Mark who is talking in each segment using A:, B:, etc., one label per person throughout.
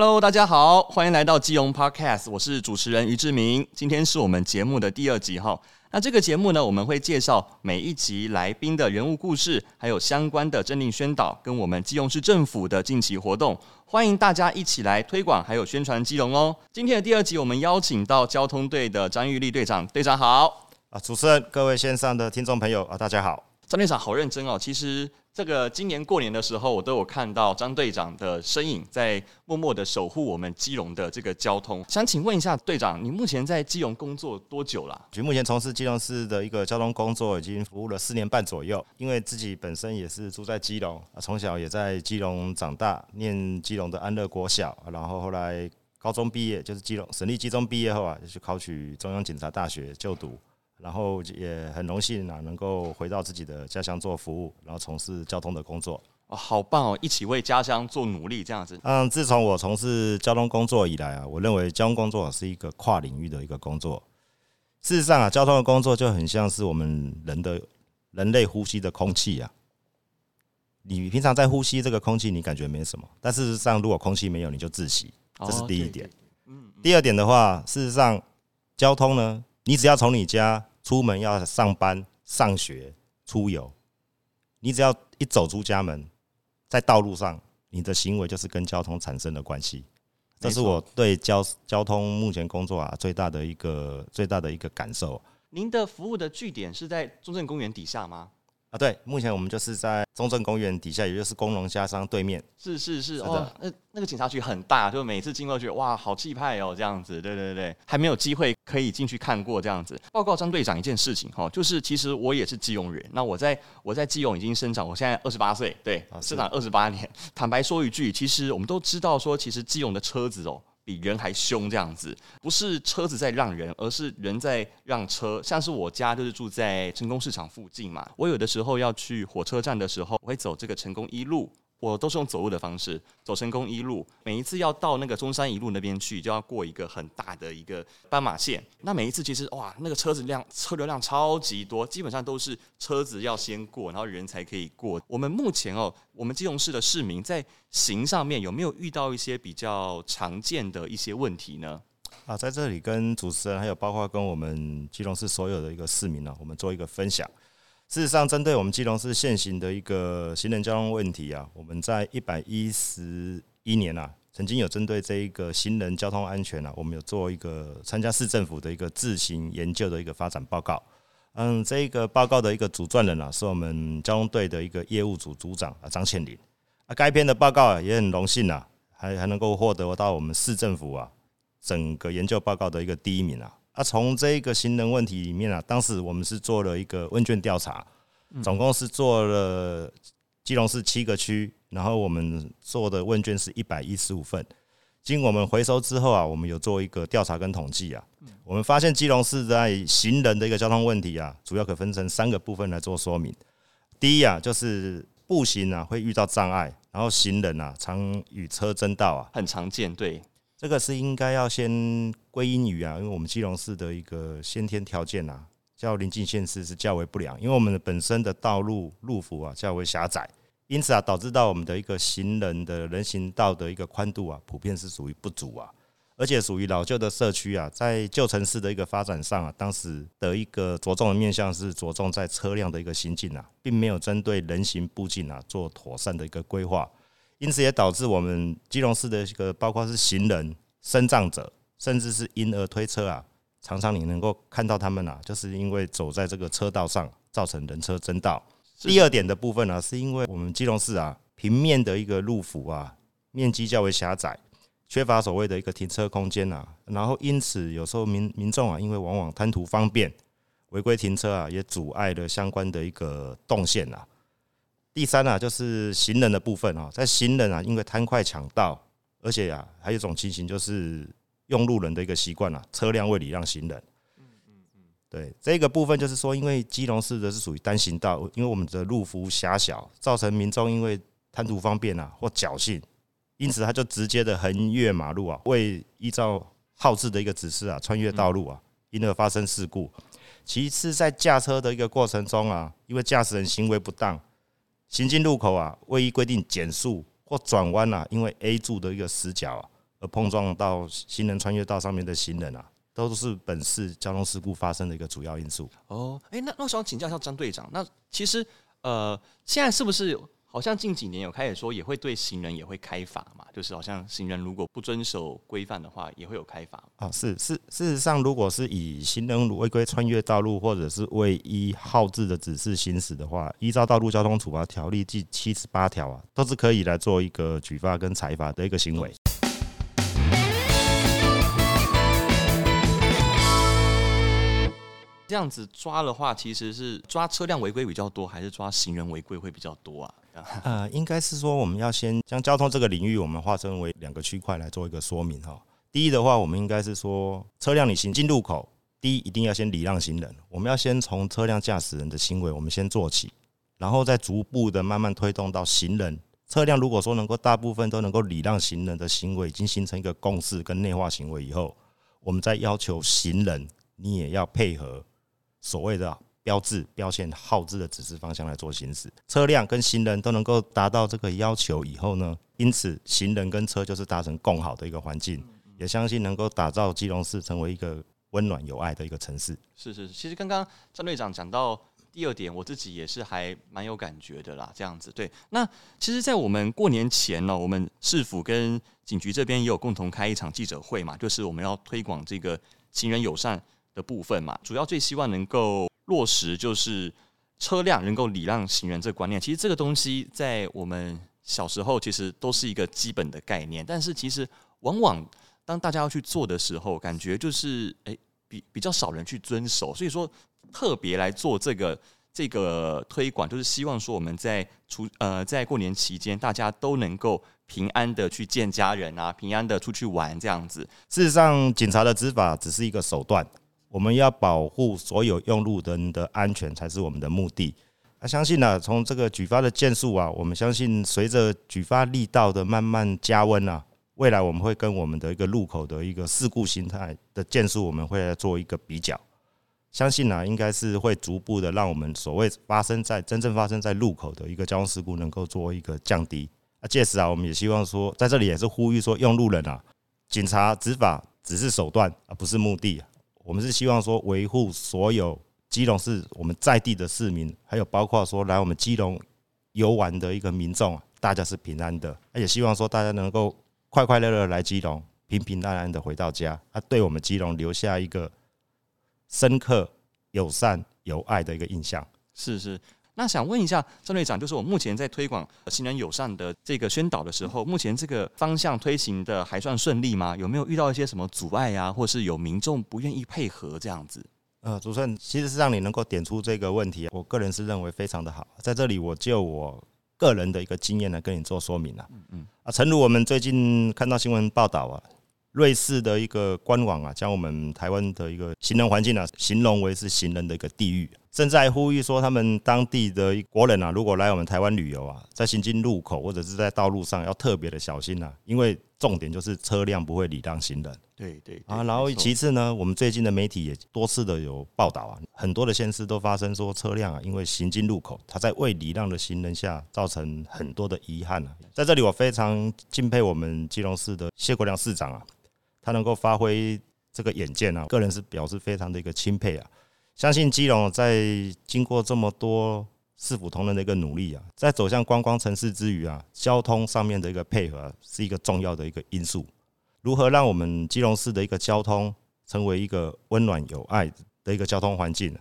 A: Hello，大家好，歡迎來到基隆 Podcast，我是主持人於志明，今天是我們節目的第二集哈。那這個節目呢，我們會介紹每一集來賓的人物故事，還有相關的政令宣導，跟我們基隆市政府的近期活動，歡迎大家一起來推廣，還有宣傳基隆哦。今天的第二集，我們邀請到交通隊的張豫立隊長，隊長好啊，主持人，各位線上的聽眾朋友啊，大家好，張隊長好認真哦，其實。這個今年過年的時候，我都有看到張隊長的身影，在默默的守護我們基隆的這個交通。想請問一下隊長，你目前在基隆工作多久了
B: 啊？就目前從事基隆市的一個交通工作，已經服務了四年半左右。因為自己本身也是住在基隆，啊，從小也在基隆長大，念基隆的安樂國小，然後後來高中畢業就是基隆省立基中畢業後啊，就去考取中央警察大學就讀。然後也很榮幸啊，能夠回到自
A: 己的家鄉做服務，然後從事交通的工作。哦，好棒哦！一起為家鄉做努力，這樣子。
B: 嗯，自從我從事交通工作以來啊，我認為交通工作是一個跨領域的一個工作。事實上啊，交通的工作就很像是我們人的人類呼吸的空氣啊。你平常在呼吸這個空氣，你感覺沒什麼，但事實上，如果空氣沒有，你就窒息。這是第一點。哦、嗯。嗯，第二點的話，事實上，交通呢，你只要從你家。出門要上班、上學、出遊，你只要一走出家門，在道路上，你的行為就是跟交通產生的關係。這是我對交交通目前工作啊最大的一個最大的一個感受。
A: 您的服務的據點是在中正公園底下嗎？
B: 啊，對，目前我們就是在中正公園底下，也就是光隆家商對面。
A: 是是是，哦的，那那個警察局很大，就每次經過去，哇，好氣派哦，這樣子。對對對，還沒有機會可以進去看過這樣子。報告張隊長一件事情哈，就是其實我也是基隆人，那我在我在基隆已經生長，我現在二十八歲，對，生長二十八年。的坦白說一句，其實我們都知道說，其實基隆的車子哦。比人還凶這樣子，不是車子在讓人，而是人在讓車。像是我家就是住在成功市場附近嘛，我有的時候要去火車站的時候，我會走這個成功一路。我都是用走路的方式走成功一路，每一次要到那個中山一路那邊去，就要過一個很大的一個斑馬線。那每一次其實哇，那個車子量車流量超級多，基本上都是車子要先過，然後人才可以過。我們目前哦，我們基隆市的市民在行上面有沒有遇到一些比較常見的一些問題呢？
B: 啊，在這裡跟主持人還有包括跟我們基隆市所有的一個市民呢，啊，我們做一個分享。事實上，針對我們基隆市現行的一個行人交通問題啊，我們在一百一十一年啊，曾經有針對這一個行人交通安全啊，我們有做一個參加市政府的一個自行研究的一個發展報告。嗯，這一個報告的一個主撰人啊，是我們交通隊的一個業務組組長啊，張倩林啊。該篇的報告啊，也很榮幸啊，還還能夠獲得到我們市政府啊整個研究報告的一個第一名啊。那從、啊、這個行人問題裡面啊，當時我們是做了一個問卷調查，總共是做了基隆市七個區，然後我們做的問卷是一百一十五份，經我們回收之後啊，我們有做一個調查跟統計啊，我們發現基隆市在行人的一個交通問題啊，主要可分成三個部分來做說明。第一啊，就是步行啊會遇到障礙，然後行人啊常與車爭道啊，很常見，對。這個是應該要先歸因於啊，因為我們基隆市的一個先天條件啊，較臨近縣市是較為不良，因為我們的本身的道路路幅啊較為狹窄，因此啊導致到我們的一個行人的人行道的一個寬度啊普遍是屬於不足啊，而且屬於老舊的社區啊，在舊城市的一個發展上啊，當時的一個着重的面向是着重在車輛的一個行進啊，並沒有針對人行步進啊做妥善的一個規劃。因此也導致我們基隆市的這個包括是行人、身障者，甚至是嬰兒推車啊，常常你能夠看到他們啊，就是因為走在這個車道上，造成人車爭道。是第二點的部分呢，啊，是因為我們基隆市啊，平面的一個路幅啊，面積較為狹窄，缺乏所謂的一個停車空間啊，然後因此有時候民民眾啊，因為往往貪圖方便，違規停車啊，也阻礙了相關的一個動線啊。第三呢、啊，就是行人的部分啊，在行人啊，因為貪快搶道，而且呀、啊，還有一種情形就是用路人的一個習慣啊，車輛未禮讓行人。嗯嗯嗯，嗯嗯，對這個部分就是說，因為基隆市的是屬於單行道，因為我們的路幅狹小，造成民眾因為貪圖方便啊或僥倖，因此他就直接的橫越馬路啊，未依照號志的一個指示啊，穿越道路啊，嗯、因而發生事故。其次，在駕車的一個過程中啊，因為駕駛人行為不當。行進路口啊，未依規定減速或轉彎啊，因為 A 柱的一個死角啊，而碰撞到行人穿越道上面的行人啊，都是本次交通事故發生的一個主要因素。
A: 哦，哎、欸，那那我想請教一下張隊長，那其實呃，現在是不是？好像近幾年有開始說也會對行人也會開罰嘛，就是好像行人如果不遵守規範的話，也會有開罰
B: 啊。是是，事實上，如果是以行人違規穿越道路，或者是未依號誌的指示行駛的話，依照《道路交通處罰條例》第七十八條啊，都是可以來做一個舉發跟裁罰的一個行為。這
A: 樣子抓的話，其實是抓車輛違規比較多，還是抓行人違規會比較多啊？
B: 啊，呃、應該是說我們要先將交通這個領域，我們劃分為兩個區塊來做一個說明哈。第一的話，我們應該是說車輛你行進入口，第一一定要先禮讓行人。我們要先從車輛駕駛人的行為，我們先做起，然後再逐步的慢慢推動到行人車輛。如果說能夠大部分都能夠禮讓行人的行為，已經形成一個共識跟內化行為以後，我們再要求行人，你也要配合所謂的。標誌標線號志的指示方向來做行駛，車輛跟行人都能夠達到這個要求以後呢，因此行人跟車就是達成共好的一個環境，嗯嗯、也相信能夠打造基隆市成為一個
A: 溫暖有愛的一個城市。是是，其實剛剛張隊長講到第二點，我自己也是還蠻有感覺的啦。這樣子，對，那其實，在我們過年前呢、喔，我們市府跟警局這邊也有共同開一場記者會嘛，就是我們要推廣這個行人友善。的部分嘛，主要最希望能夠落實就是車輛能夠禮讓行人這個觀念。其實這個東西在我們小時候其實都是一個基本的概念，但是其實往往當大家要去做的時候，感覺就是誒、欸、比比較少人去遵守。所以說特別來做這個這個推廣，就是希望說我們在除呃在過年期間，大家都能夠平安的去見家人啊，平安的出去玩這樣子。事實
B: 上，警察的執法只是一個手段。我們要保護所有用路人的安全才是我們的目的、啊。那相信呢、啊，從這個舉發的件數啊，我們相信隨着舉發力道的慢慢加溫啊，未來我們會跟我們的一個路口的一個事故型態的件數，我們會來做一個比較。相信呢、啊，應該是會逐步的讓我們所謂發生在真正發生在路口的一個交通事故能夠做一個降低、啊。那屆時啊，我們也希望說，在這裡也是呼籲說，用路人啊，警察執法只是手段，而不是目的。我們是希望說，維護所有基隆市我們在地的市民，還有包括說，來我們基隆遊玩的一個民眾，大家是平安的，而且希望說大家能夠快快樂樂來基隆，平平安安的回到家，啊，他對我們基隆留下一個深刻、友善、有愛的一個印象。
A: 是是。那想問一下張隊長，就是我目前在推廣行人友善的這個宣導的時候，目前這個方向推行的還算順利嗎？有沒有遇到一些什麼阻礙呀、啊，或是有民眾不願意配合這樣子？呃，主持人其實是讓你能夠點出這個問題，我個人是認為非常
B: 的好。在這裡，我就我個人的一個經驗來跟你做說明了、啊嗯。嗯嗯啊，誠如，我們最近看到新聞報道啊，瑞士的一個官網啊，將我們台灣的一個行人環境啊，形容為是行人的一個地獄。正在呼籲說，他們當地的國人啊，如果來我們台灣旅遊啊，在行經路口或者是在道路上要特別的小心啊，因為重點就是車輛不會禮讓行人。對對，對，對啊，然後其次呢，錯我們最近的媒體也多次的有報道啊，很多的縣市都發生說，車輛啊，因為行經路口，他在未禮讓的行人下，造成很多的遺憾啊。在這裡，我非常敬佩我們基隆市的謝國梁市長啊，他能夠發揮這個遠見啊，個人是表示非常的一個欽佩啊。相信基隆在經過這麼多市府同仁的一個努力啊，在走向觀光城市之餘啊，交通上面的一個配合啊，是一個重要的一個因素。如何讓我們基隆市的一個交通成為一個溫暖有愛的一個交通環境，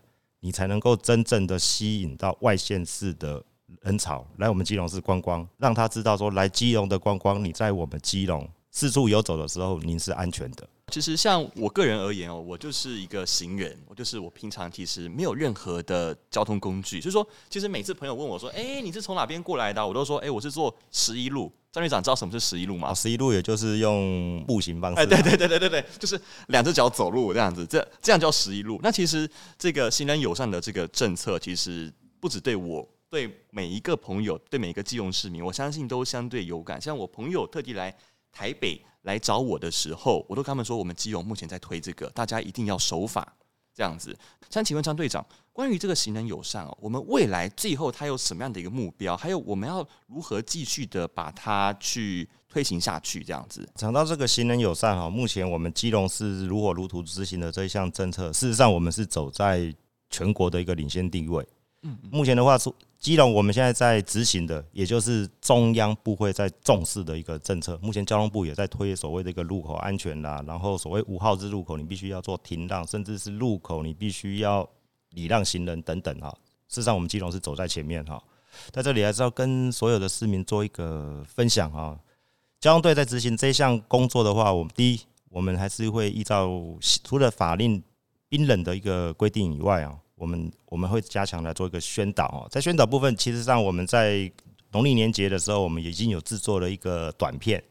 B: 你才能夠真正的吸引到外縣市的人潮來我們基隆市觀光，讓他知道說來基隆的觀光你在我們基隆。自助遊走的時候，您是安全的。
A: 其實，像我個人而言哦、喔，我就是一個行人，我就是我平常其實沒有任何的交通工具。就是說，其實每次朋友問我說：“哎、欸，你是從哪邊過來的、啊？”我都說：“哎、欸，我是坐十一路。”張隊長知道什麼是十一路嗎？十一、哦、路
B: 也就是用步行方式、啊，對對、欸、
A: 對對對對，就是兩只腳走路這樣子，這這樣叫十一路。那其實這個行人友善的這個政策，其實不止對我，對每一個朋友，對每一個基隆市民，我相信都相對有感。像我朋友特地來。台北來找我的時候，我都跟他們說，我們基隆目前在推這個，大家一定要守法，這樣子。想請問張隊長，關於這個行人友善哦，我們未來最後它有什麼樣的一個目標？還有我們要如何繼續的把它去推行下去？這樣子。
B: 講到這個行人友善哈，目前我們基隆是如火如荼執行的這一項政策，事實上我們是走在全國的一個領先地位。嗯嗯，目前的話是基隆，我們現在在執行的，也就是中央部會在重視的一個政策。目前交通部也在推所謂的一個路口安全啦、啊，然後所謂五號之路口，你必須要做停讓，甚至是路口你必須要禮讓行人等等哈、啊。事實上，我們基隆是走在前面哈、啊，在這裡還是要跟所有的市民做一個分享哈、啊。交通隊在執行這項工作的話，我們第一，我們還是會依照除了法令冰冷的一個規定以外啊。我們我們會加強來做一個宣導哦，在宣導部分，其實上我們在農曆年節的時候，我們已經有制作了一個短片。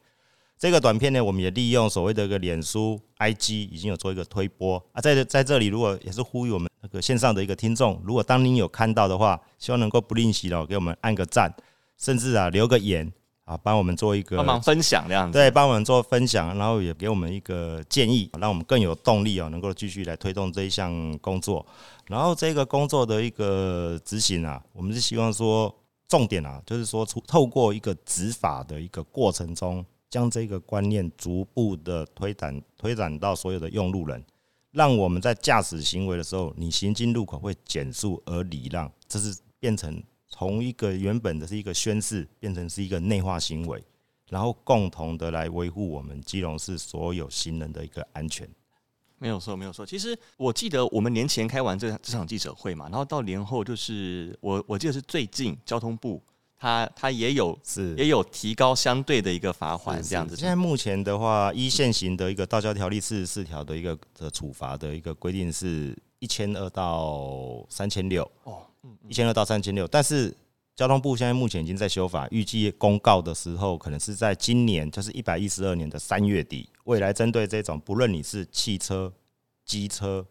B: 這個短片呢，我們也利用所謂的一個臉書、IG 已經有做一個推播啊在，在在這裡如果也是呼籲我們那個線上的一個聽眾，如果當您有看到的話，希望能夠不吝惜的給我們按個讚，甚至啊留個言。啊，幫我們做一個幫忙分享這樣子，對，幫我們做分享，然後也給我們一個建議，讓我們更有動力啊、哦，能夠繼續來推動這一項工作。然後這個工作的一個執行啊，我們是希望說，重點啊，就是說出透過一個執法的一個過程中，將這個觀念逐步的推展，推展到所有的用路人，讓我們在駕駛行為的時候，你行經路口會減速而禮讓，這是變成。從一個原本的是一個宣誓，變成是一個內化行為，然後共同的來維護我們基隆市所有行人的一個安全。
A: 沒有錯，沒有錯。其實我記得我們年前開完這這場記者會嘛，然後到年後就是我我記得是最近交通部他他也有是也有提高相對的一個罰款這樣子。
B: 現在目前的話，一、嗯、線型的一個道交條例四十四條的一個的處罰的一個規定是一千二到三千六哦。一千二到三千六，但是交通部現在目前已經在修法，預計公告的時候可能是在今年，就是一百一十二年的三月底。嗯、未來針對這種，不論你是汽車、機車、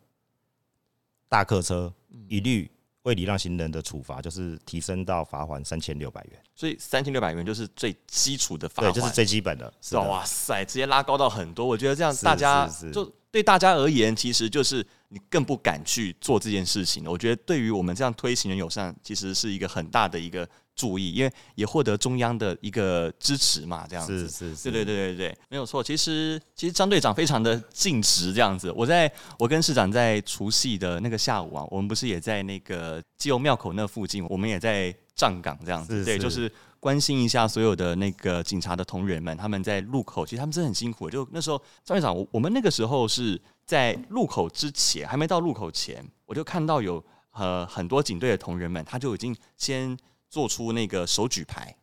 B: 大客車，一律未禮讓行人的處罰，就是提升到罰鍰三千六百元。
A: 所以三千六百元就是最基礎的罰，對，就是最基本的。是的哇塞，直接拉高到很多，我覺得這樣大家就。對大家而言，其實就是你更不敢去做這件事情。我覺得，對於我們這樣推行人友善，其實是一個很大的一個注意，因為也獲得中央的一個支持嘛，這樣子。是，是，是對，對對對對對，沒有錯。其實其實張隊長非常的盡職，這樣子。我在我跟市長在除夕的那個下午啊，我們不是也在那個基隆廟口那附近，我們也在站崗這樣子，是是對，就是。關心一下所有的那個警察的同仁們，他們在路口，其實他們真的很辛苦，就那時候，張隊長，我我們那個時候是在路口之前，還沒到路口前，我就看到有呃很多警隊的同仁們，他就已經先做出那個手舉牌。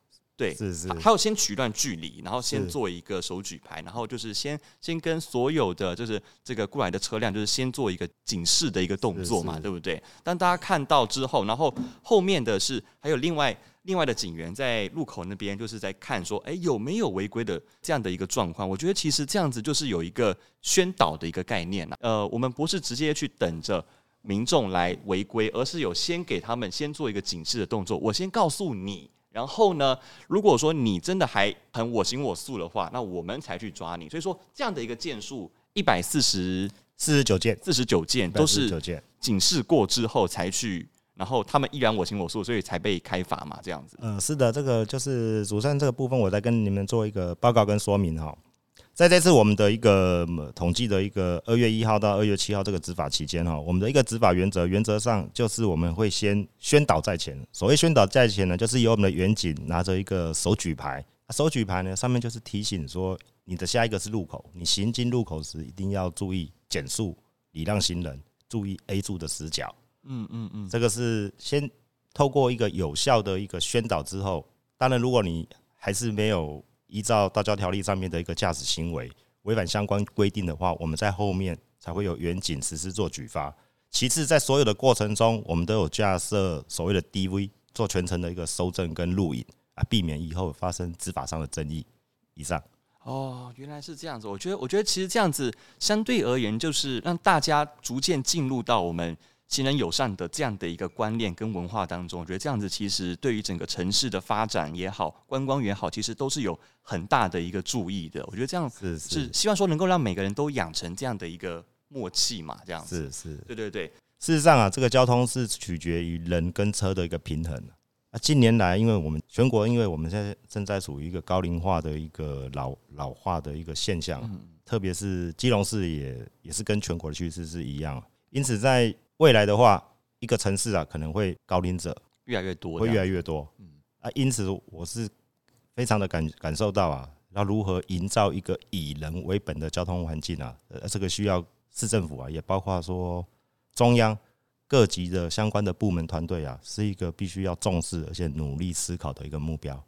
A: 對是是、啊，還有先取一段距離，然後先做一個手舉牌，是然後就是先先跟所有的就是這個過來的車輛，就是先做一個警示的一個動作嘛，是是對不對？當大家看到之後，然後後面的是還有另外另外的警員在路口那邊，就是在看說，哎、欸，有沒有違規的這樣的一個狀況？我覺得其實這樣子就是有一個宣導的一個概念了、啊。呃，我們不是直接去等着民眾來違規，而是有先給他們先做一個警示的動作。我先告訴你。然後呢，如果說你真的還很我行我素的話，那我們才去抓你。所以說這樣的一個件數，一百四十四十九件，四十九件都是警示過之後才去，然後他們依然我行我素，所以才被開罰嘛，這樣
B: 子。嗯、呃，是的，這個就是主持人這個部分，我再跟你們做一個報告跟說明哈。在這次我們的一個統計的一個二月一號到二月七號這個執法期間哈，我們的一個執法原則，原則上就是我們會先宣導在前。所謂宣導在前呢，就是由我們的員警拿着一個手舉牌，啊、手舉牌呢，上面就是提醒說，你的下一個是路口，你行進路口時一定要注意減速、禮讓行人、注意 A 柱的死角。嗯嗯嗯，這個是先透過一個有效的一個宣導之後，當然如果你還是沒有。依照道交條例上面的一個駕駛行為，違反相關規定的話，我們在後面才會有遠景實施做舉發。其次，在所有的過程中，我們都有架設所謂的 DV 做全程的一個蒐證跟錄影啊，避免以後發生執法上的爭議。以上
A: 哦。原來是這樣子。我覺得，我覺得其實這樣子相對而言，就是讓大家逐漸進入到我們。行人友善的這樣的一個觀念跟文化當中，我覺得這樣子其實對於整個城市的發展也好，觀光也好，其實都是有很大的一個注意的。我覺得這樣子是，是，是希望說能夠讓每個人都養成這樣的一個默契嘛，這樣子是是，對對對，對。事
B: 實上啊，這個交通是取決於人跟車的一個平衡，啊。那近年來因為我們全國，因為我們現在正在處於一個高齡化的一個老老化的一個現象，特別是基隆市也也是跟全國的趨勢是一樣，啊，因此在未來的話，一個城市啊，可能會高齡者越來越多，會越來越多。嗯，啊，因此我是非常的感感受到啊，要如何營造一個以人為本的交通環境啊？呃，這個需要市政府啊，也包括說中央各級的相關的部門團隊啊，是一個必須要重視而且努力思考的一個目標。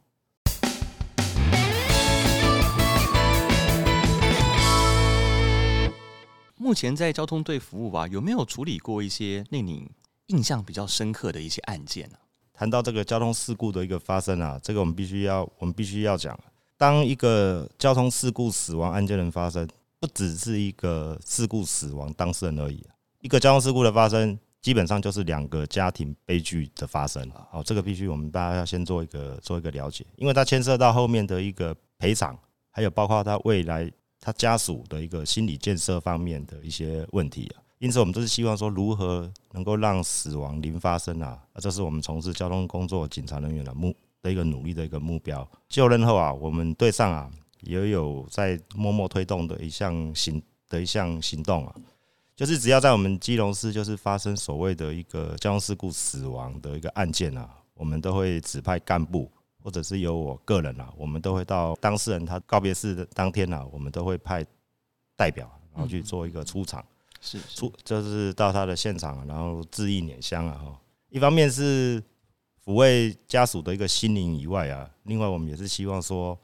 A: 目前在交通隊服務吧，啊，有沒有處理過一些令你印象比較深刻的一些案件呢啊？談到這個
B: 交通事故的一個發生啊，這個我們必須要，我們必須要講，當一個交通事故死亡案件的發生，不只是一個事故死亡當事人而已，啊，一個交通事故的發生，基本上就是兩個家庭悲劇的發生。好，哦，這個必須我們大家要先做一個做一個了解，因為它牽涉到後面的一個賠償，還有包括他未來。他家屬的一個心理建設方面的一些問題啊，因此我們都是希望說，如何能夠讓死亡零發生啊？啊，這是我們從事交通工作警察人員的目的一個努力的一個目標。就任後啊，我們隊上啊也有在默默推動的一項行的一項行動啊，就是只要在我們基隆市就是發生所謂的一個交通事故死亡的一個案件啊，我們都會指派幹部。或者是由我個人啊，我們都會到當事人他告別式當天呢，啊，我們都會派代表，然後去做一個出場，嗯嗯，是，是出就是到他的現場，啊，然後致意拈香啊，哈，一方面是撫慰家屬的一個心靈以外啊，另外我們也是希望說，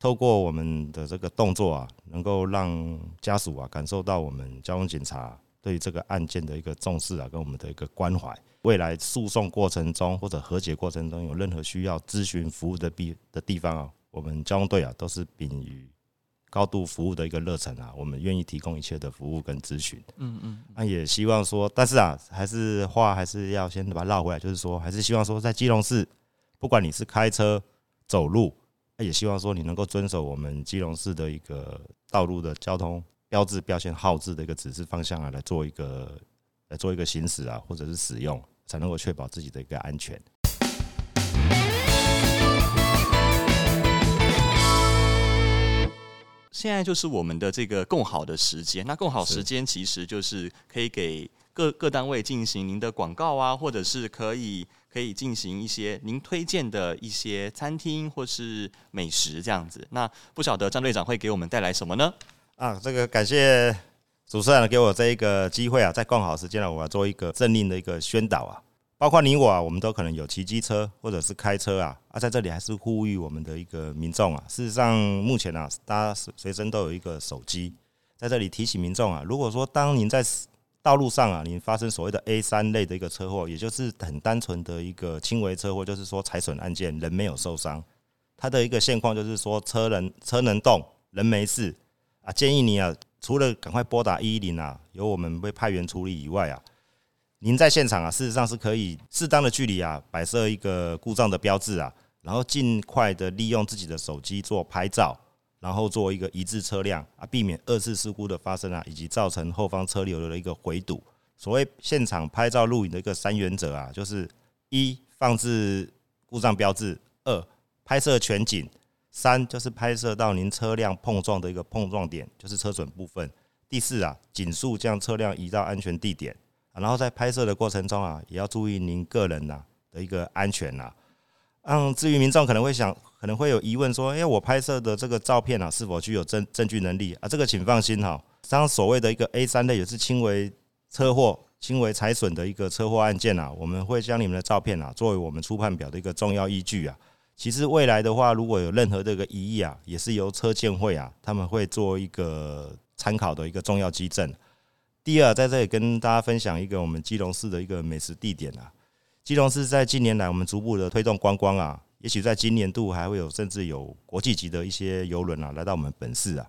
B: 透過我們的這個動作啊，能夠讓家屬啊感受到我們交通警察，啊，對這個案件的一個重視啊，跟我們的一個關懷。未來訴訟過程中，或者和解過程中，有任何需要諮詢服務的必的地方啊，我們交通隊啊都是秉於高度服務的一個熱忱啊，我們願意提供一切的服務跟諮詢。嗯嗯，那、啊、也希望說，但是啊，還是話還是要先把它繞回來，就是說，還是希望說，在基隆市，不管你是開車、走路，那、啊、也希望說你能夠遵守我們基隆市的一個道路的交通標誌、標線、號志的一個指示方向啊，來做一個來做一個行駛啊，或者是使用。才能夠確保自己的一個安全。
A: 現在就是我們的這個共好的時間，那共好時間其實就是可以給各各單位進行您的廣告啊，或者是可以可以進行一些您推薦的一些餐廳或是美食這樣子。那不曉得張隊長會給我們帶來什麼呢？
B: 啊，這個感謝。主持人給我這一個機會啊，在更好時間呢，啊，我要做一個政令的一個宣導啊。包括你我，啊，我們都可能有騎機車或者是開車啊，啊，在這裡還是呼籲我們的一個民眾啊。事實上，目前啊，大家隨身都有一個手機，在這裡提醒民眾啊，如果說當您在道路上啊，您發生所謂的 A3 類的一個車禍，也就是很單純的一個輕微車禍，就是說財損案件，人沒有受傷，它的一個現況就是說車能車能動，人沒事啊，建議你啊。除了趕快撥打一一零啊，由我們被派員處理以外啊，您在現場啊，事實上是可以適當的距離啊，擺設一個故障的標誌啊，然後儘快的利用自己的手機做拍照，然後做一個移置車輛啊，避免二次事故的發生啊，以及造成後方車流，流的一個回堵。所謂現場拍照錄影的一個三原則啊，就是一放置故障標誌，二拍攝全景，三就是拍攝到您車輛碰撞的一個碰撞點，就是車損部分。第四啊，儘速將車輛移到安全地點。然後在拍攝的過程中啊，也要注意您個人吶、啊、的一個安全吶、啊。嗯，至於民眾可能會想，可能會有疑問說，哎、欸，我拍攝的這個照片啊，是否具有證證據能力啊？這個請放心哈、啊。像所謂的一個 A 三的也是輕微車禍、輕微財損的一個車禍案件啊，我們會將你們的照片啊，作為我們初判表的一個重要依據啊。其實未來的話，如果有任何這個疑義啊，也是由車鑑會啊，他們會做一個參考的一個重要基準。第二，在這裡跟大家分享一個我們基隆市的一個美食地點啊。基隆市在近年來我們逐步的推動觀光啊，也許在今年度還會有甚至有國際級的一些遊輪啊來到我們本市啊。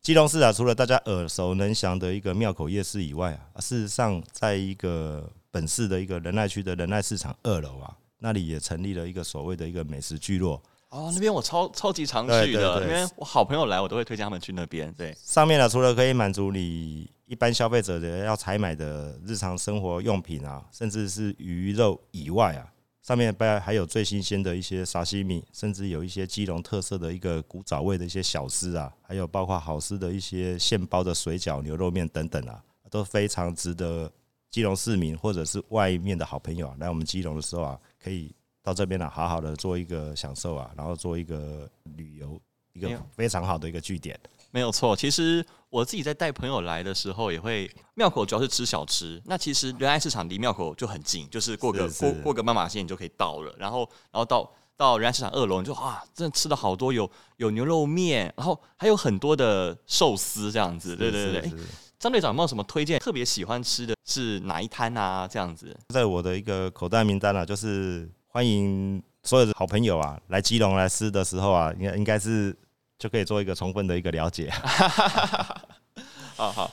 B: 基隆市啊，除了大家耳熟能詳的一個廟口夜市以外啊，事實上在一個本市的一個仁愛區的仁愛市場二樓啊。那裡也成立了一個所謂的一個美食聚落
A: 哦，那邊我超超級常去的，因為我好朋友來我都會推薦他們去那邊。對，
B: 上面呢、啊、除了可以滿足你一般消費者的要採買的日常生活用品啊，甚至是魚肉以外啊，上面不還有最新鮮的一些沙西米，甚至有一些基隆特色的一個古早味的一些小吃啊，還有包括好吃的一些現包的水餃、牛肉麵等等啊，都非常值得基隆市民或者是外面的好朋友啊來我們基隆的時候啊。可以到這邊了、啊，好好的做一個享受啊，然後做一個旅遊，一個非常好的一
A: 個據點沒，沒有錯。其實我自己在帶朋友來的時候，也會廟口主要是吃小吃。那其實仁愛市場離廟口就很近，就是過個是是過過個斑馬線就可以到了。然後然後到到仁愛市場二樓，你就啊，真的吃了好多，有有牛肉麵，然後還有很多的壽司這樣子，是是是是對對對。欸張隊長有沒有什麼推薦？特別喜歡吃的是哪一攤啊？這樣子，
B: 在我的一個口袋名單啊，就是歡迎所有的好朋友啊，來基隆來吃的時候啊，應該應該是就可以做一個充分的一個了解。哈哈
A: 哈，好好。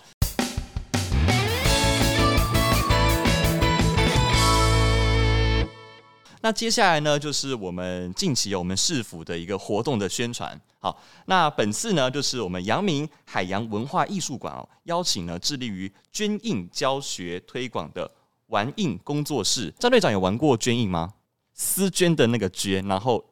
A: 那接下來呢，就是我們近期有我們市府的一個活動的宣傳。好，那本次呢，就是我們陽明海洋文化藝術館哦，邀請了致力於絹印教學推廣的玩印工作室。張隊長有玩過絹印嗎？絲絹的那個絹，然後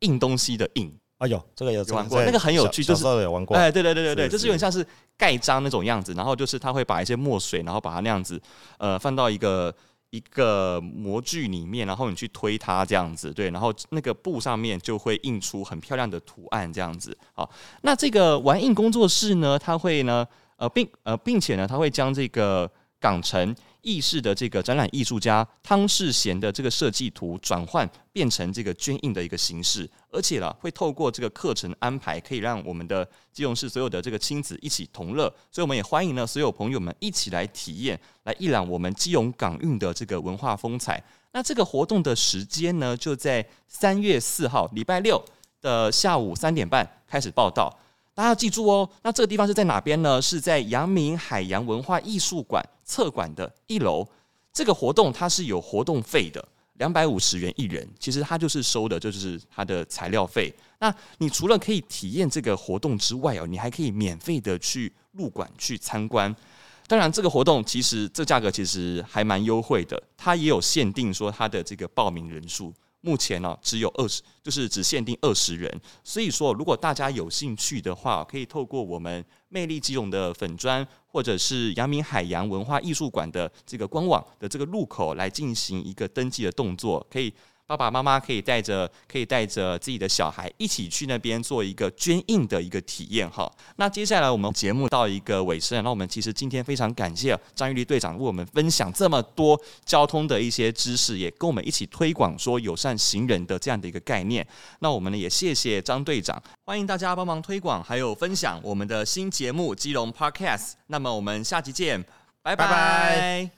A: 印東西的印。
B: 哎呦，這個有玩過，那個很有趣，就是有玩過。哎，對對對對對，對，就是有點
A: 像是蓋章那種樣子，然後就是他會把一些墨水，然後把它那樣子，呃，放到一個。一個模具裡面，然後你去推它這樣子，對，然後那個布上面就會印出很漂亮的圖案這樣子。好，那這個玩印工作室呢，它會呢，呃，並呃，並且呢，它會將這個港城。意式的這個展覽藝術家湯世賢的這個設計圖轉換變成這個絹印的一個形式，而且呢，會透過這個課程安排，可以讓我們的基隆市所有的這個親子一起同樂。所以我們也歡迎呢所有朋友們一起來體驗，來一覽我們基隆港運的這個文化風采。那這個活動的時間呢，就在三月四號禮拜六的下午三點半開始報到。大家記住哦，那這個地方是在哪邊呢？是在陽明海洋文化藝術館策館的一樓。這個活動它是有活動費的，兩百五十元一人。其實它就是收的就是它的材料費。那你除了可以體驗這個活動之外哦，你還可以免費的去入館去參觀。當然，這個活動其實這個價格其實還蠻優惠的，它也有限定說它的這個報名人數。目前呢，只有二十，就是只限定二十人。所以說，如果大家有興趣的話，可以透過我們魅力基隆的粉專，或者是陽明海洋文化藝術館的這個官網的這個入口來進行一個登記的動作，可以。爸爸媽媽可以帶着可以帶着自己的小孩一起去那邊做一個捐印的一個體驗哈。那接下來我們節目到一個尾聲，那我們其實今天非常感謝張豫立隊長為我們分享這麼多交通的一些知識，也跟我們一起推廣說友善行人的這樣的一個概念。那我們呢也謝謝張隊長，歡迎大家幫忙推廣還有分享我們的新節目《基隆 Podcast》。那麼我們下集見，拜拜。拜拜。